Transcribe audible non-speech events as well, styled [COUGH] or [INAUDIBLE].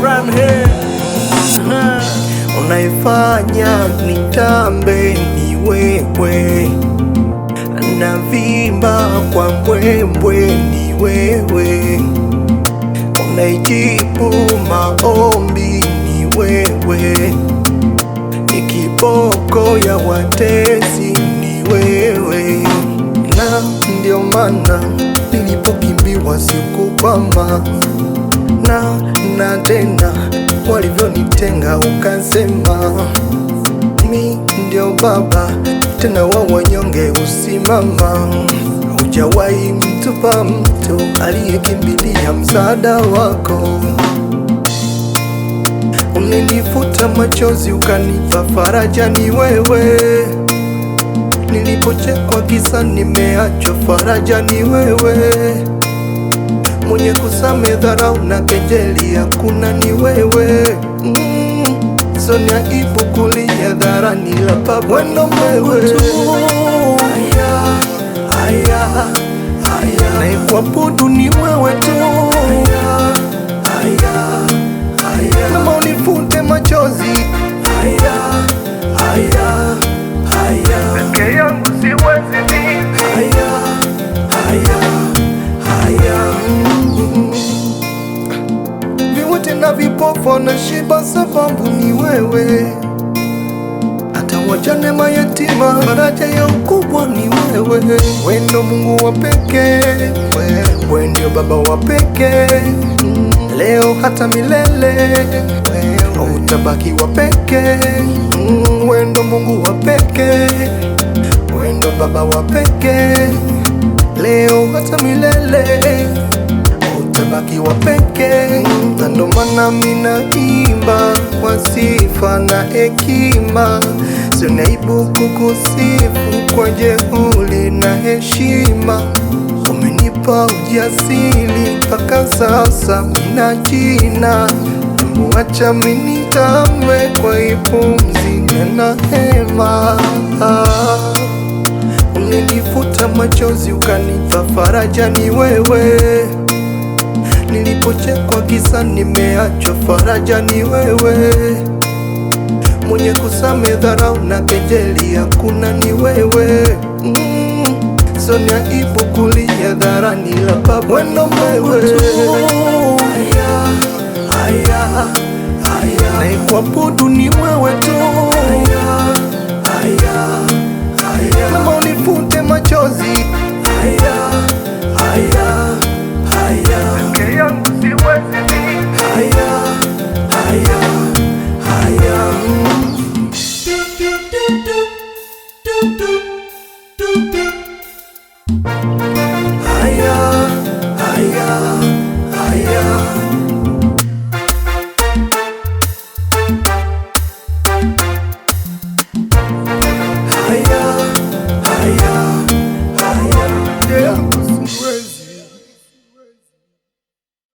from here [LAUGHS] unaifanya nitambe ni wewe na vimba kwa mbwembwe ni wewe unaijibu maombi ni wewe ni ya watesi ni wewe na ndio maana nilipokimbiwa siku kwamba tena na tena, walivyonitenga ukasema mi ndio baba tena wa wanyonge usimama. Hujawahi mtupa mtu aliyekimbilia msaada wako. Ulinifuta machozi ukanipa faraja, ni wewe. Nilipochekwa kisa nimeachwa, faraja ni wewe mwenye kusame dharau na kejeli, hakuna ni wewe mm. Sonia ipo kulia dharani la baba mwendo mewe aya, aya, aya, ni wewe tu viwete na vipofu shiba sababu ni wewe, hata wajane mayatima faraja ya ukubwa ni wewe. wendo Mungu wa pekee, we ndio Baba wa pekee, leo hata milele utabaki wa pekee. We Mungu wa pekee, Baba wa pekee, leo hata milele nimebakiwa peke, na ndo maana minaimba kwa sifa na hekima, sina aibu kukusifu kwa jehuli na heshima. Umenipa ujasiri mpaka sasa mina jina wacha minitamwe kwa ipumzi na hema. Ulinifuta machozi ukanipa faraja, ni wewe kuchekwa, giza nimeachwa, faraja ni wewe, mwenye kusame dharau na kejeli, hakuna ni wewe mm. Mm-hmm. Soni aibu kulia dharani la baba mwendo wewe, naikwabudu ni wewe